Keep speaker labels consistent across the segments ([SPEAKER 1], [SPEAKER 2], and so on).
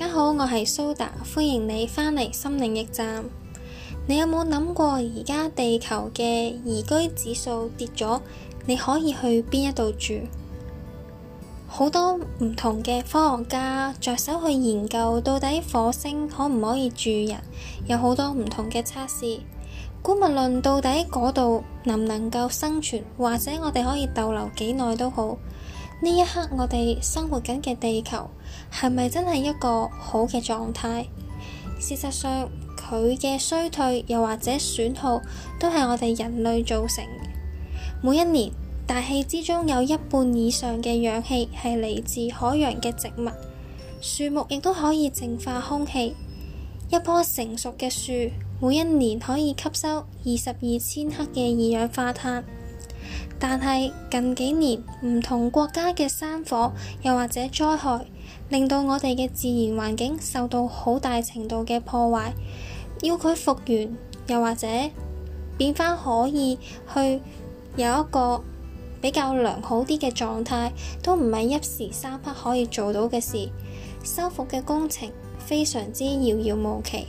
[SPEAKER 1] 大家好，我係蘇達，歡迎你返嚟心靈驛站。你有冇諗過而家地球嘅宜居指數跌咗，你可以去邊一度住？好多唔同嘅科學家着手去研究，到底火星可唔可以住人？有好多唔同嘅測試，古物論到底嗰度能唔能夠生存，或者我哋可以逗留幾耐都好。呢一刻，我哋生活緊嘅地球係咪真係一個好嘅狀態？事實上，佢嘅衰退又或者損耗都係我哋人類造成嘅。每一年，大氣之中有一半以上嘅氧氣係嚟自海洋嘅植物。樹木亦都可以淨化空氣。一棵成熟嘅樹每一年可以吸收二十二千克嘅二氧化碳。但係近幾年唔同國家嘅山火，又或者災害，令到我哋嘅自然環境受到好大程度嘅破壞。要佢復原，又或者變翻可以去有一個比較良好啲嘅狀態，都唔係一時三刻可以做到嘅事。修復嘅工程非常之遙遙無期。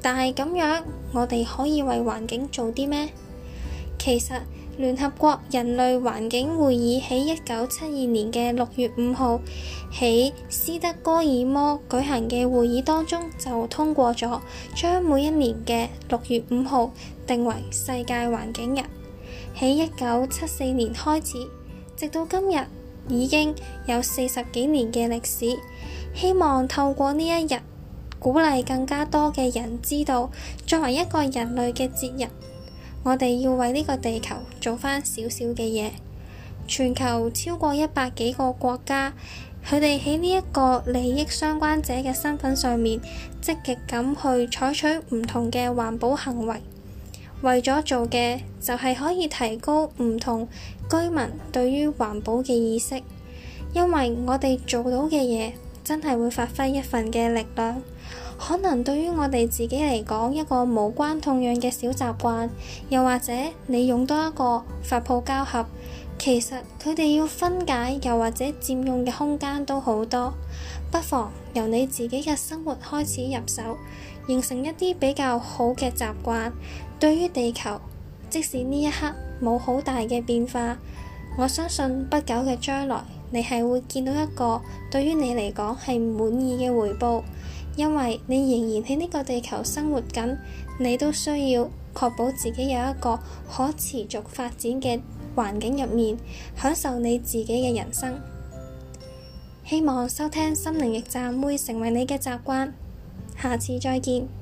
[SPEAKER 1] 但係咁樣，我哋可以為環境做啲咩？其實。聯合國人類環境會議喺一九七二年嘅六月五號喺斯德哥爾摩舉行嘅會議當中就通過咗，將每一年嘅六月五號定為世界環境日。喺一九七四年開始，直到今日已經有四十幾年嘅歷史。希望透過呢一日，鼓勵更加多嘅人知道，作為一個人類嘅節日。我哋要為呢個地球做返少少嘅嘢。全球超過一百幾個國家，佢哋喺呢一個利益相關者嘅身份上面，積極咁去採取唔同嘅環保行為，為咗做嘅就係可以提高唔同居民對於環保嘅意識。因為我哋做到嘅嘢，真係會發揮一份嘅力量。可能對於我哋自己嚟講，一個無關痛癢嘅小習慣，又或者你用多一個發泡膠盒，其實佢哋要分解又或者佔用嘅空間都好多。不妨由你自己嘅生活開始入手，形成一啲比較好嘅習慣。對於地球，即使呢一刻冇好大嘅變化，我相信不久嘅將來。你係會見到一個對於你嚟講係唔滿意嘅回報，因為你仍然喺呢個地球生活緊，你都需要確保自己有一個可持續發展嘅環境入面，享受你自己嘅人生。希望收聽心靈驛站會成為你嘅習慣，下次再見。